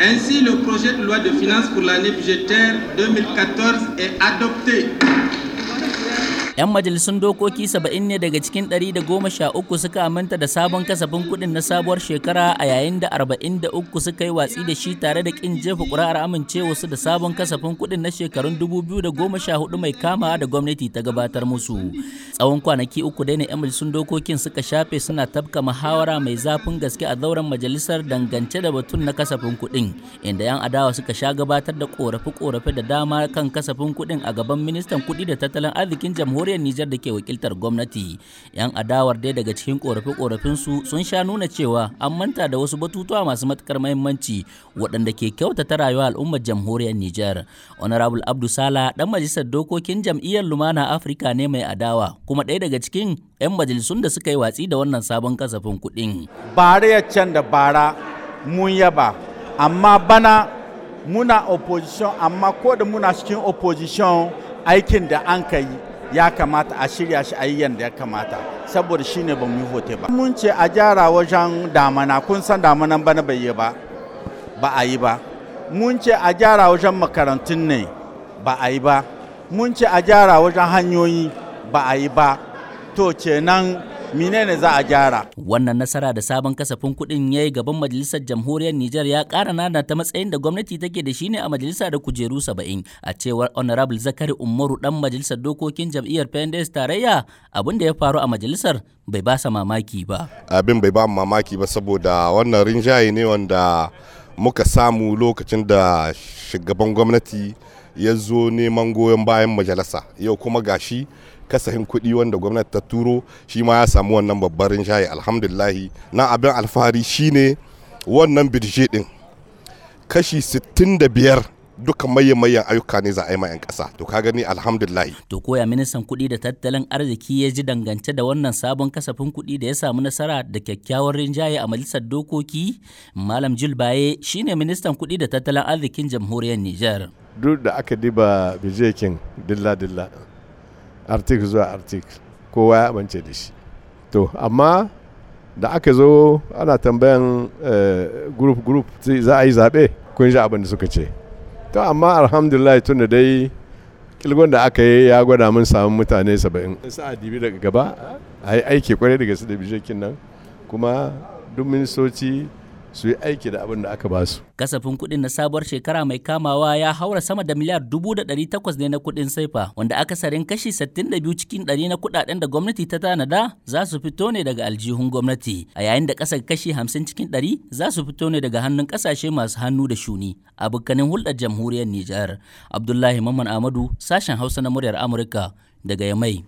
Ainsi, le projet de loi de finances pour l'année budgétaire 2014 est adopté. 'Yan majalisun dokoki saba'in ne daga cikin 113 suka aminta da sabon kasafin kuɗin na sabuwar shekara a yayin da arba'in 43 suka yi watsi da shi tare da kin jefa ƙuri'ar amincewarsu da sabon kasafin kuɗin na shekarun 2014 mai kama da gwamnati ta gabatar musu. Tsawon kwanaki uku dai ne 'yan majalisun dokokin suka shafe suna tabka muhawara mai zafin gaske a zauren majalisar dangance da batun na kasafin kuɗin, inda 'yan adawa suka sha gabatar da ƙorafe-ƙorafe da dama kan kasafin kuɗin a gaban ministan kudi da tattalin arzikin jamhuriyar jamhuriyar Nijar da ke wakiltar gwamnati. 'Yan adawar dai daga cikin korafe su sun sha nuna cewa an manta da wasu batutuwa masu matukar mahimmanci waɗanda ke kyautata rayuwar al'ummar jamhuriyar Nijar. Honorable abdul Sala dan majalisar dokokin jam'iyyar Lumana afirika ne mai adawa kuma ɗaya daga cikin 'yan majalisun da suka yi watsi da wannan sabon kasafin kuɗin. Bara ya can da bara mun yaba, amma bana muna opposition amma ko da muna cikin opposition aikin da an ka yi ya kamata a shirya shi a yi yadda ya kamata saboda shi ne ba mu yi hote ba mun ce a gyara wajen damana kun san damanan bana bai yi ba ba a yi ba mun ce a gyara wajen makarantun ne ba a yi ba mun ce a gyara wajen hanyoyi ba a yi ba to kenan menene za a gyara wannan nasara da sabon kasafin kuɗin ya yi gaban majalisar jamhuriyar Nijar ya ƙara nana ta matsayin da gwamnati take da shi ne a majalisa da kujeru saba'in a cewar honorable zakari umaru dan majalisar dokokin jam'iyyar PNDS tarayya abin da ya faru a majalisar bai ba sa mamaki ba abin bai ba mamaki ba saboda wannan rinjaye ne wanda muka samu lokacin da shugaban gwamnati ya zo neman goyon bayan majalisa yau kuma gashi kasahin kuɗi wanda gwamnati ta turo shi ma ya samu wannan babbarin shayi alhamdulillahi na abin alfahari shine wannan birje din kashi 65 dukkan mayan mayan ayyuka ne za a yi ma 'yan ƙasa to ka gani alhamdulillahi to koya ministan kuɗi da tattalin arziki ya ji dangance da wannan sabon kasafin kuɗi da ya samu nasara da kyakkyawar rinjaye a majalisar dokoki malam jilbaye shine ministan kuɗi da tattalin arzikin jamhuriyar niger duk da aka diba bijekin dilla dilla artik zuwa artik kowa ya amince da shi to amma da aka zo ana tambayan eh, group group za a yi zaɓe kun ji abin da suka ce to amma alhamdulillah tun da dai kilgon da aka yi ya gwada mun samu mutane saba'in a dibi daga gaba a yi aiki kwarai daga su da bijakin nan kuma duk ministoci su yi aiki da abin da aka ba su. Kasafin kuɗin na sabuwar shekara mai kamawa ya haura sama da miliyar dubu da ɗari takwas ne na kuɗin saifa wanda akasarin kashi sittin da biyu cikin ɗari na kuɗaɗen da gwamnati ta tanada za su fito ne daga aljihun gwamnati a yayin da ƙasar kashi hamsin cikin ɗari za su fito ne daga hannun ƙasashe masu hannu da shuni a bukkanin hulɗar jamhuriyar Nijar. Abdullahi Mamman Amadu sashen Hausa na muryar Amurka daga Yamai.